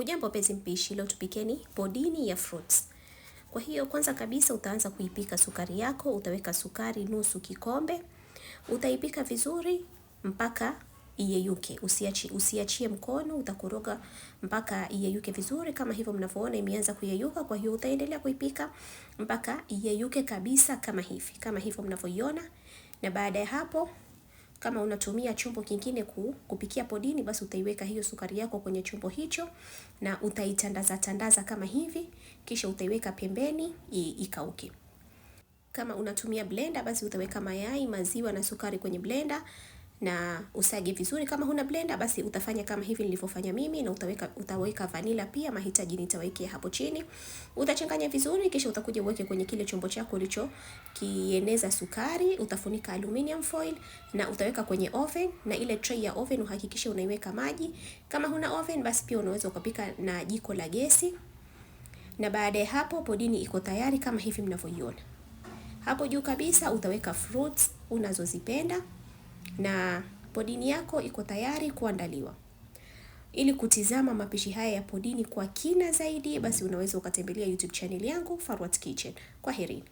Hujambo pezi mpishi, leo tupikeni podini ya fruits. Kwa hiyo kwanza kabisa utaanza kuipika sukari yako, utaweka sukari nusu kikombe. Utaipika vizuri mpaka iyeyuke. Usiachi, usiachie mkono, utakoroga mpaka iyeyuke vizuri kama hivyo mnavyoona imeanza kuyeyuka. Kwa hiyo utaendelea kuipika mpaka iyeyuke kabisa kama hivi. Kama hivyo mnavyoiona na baada ya hapo kama unatumia chombo kingine kupikia podini, basi utaiweka hiyo sukari yako kwenye chombo hicho na utaitandaza tandaza kama hivi, kisha utaiweka pembeni ikauke. Kama unatumia blender, basi utaweka mayai, maziwa na sukari kwenye blender na usage vizuri. Kama huna blender, basi utafanya kama hivi nilivyofanya mimi, na utaweka utaweka vanilla pia. Mahitaji nitawekea hapo chini. Utachanganya vizuri, kisha utakuja uweke kwenye kile chombo chako ulicho kieneza sukari. Utafunika aluminium foil na utaweka kwenye oven, na ile tray ya oven uhakikishe unaiweka maji. Kama huna oven, basi pia unaweza ukapika na jiko la gesi. Na baada ya hapo, podini iko tayari kama hivi mnavyoiona. Hapo juu kabisa utaweka fruits unazozipenda na podini yako iko tayari kuandaliwa. Ili kutizama mapishi haya ya podini kwa kina zaidi, basi unaweza ukatembelea YouTube channel yangu Farwat Kitchen. Kwaherini.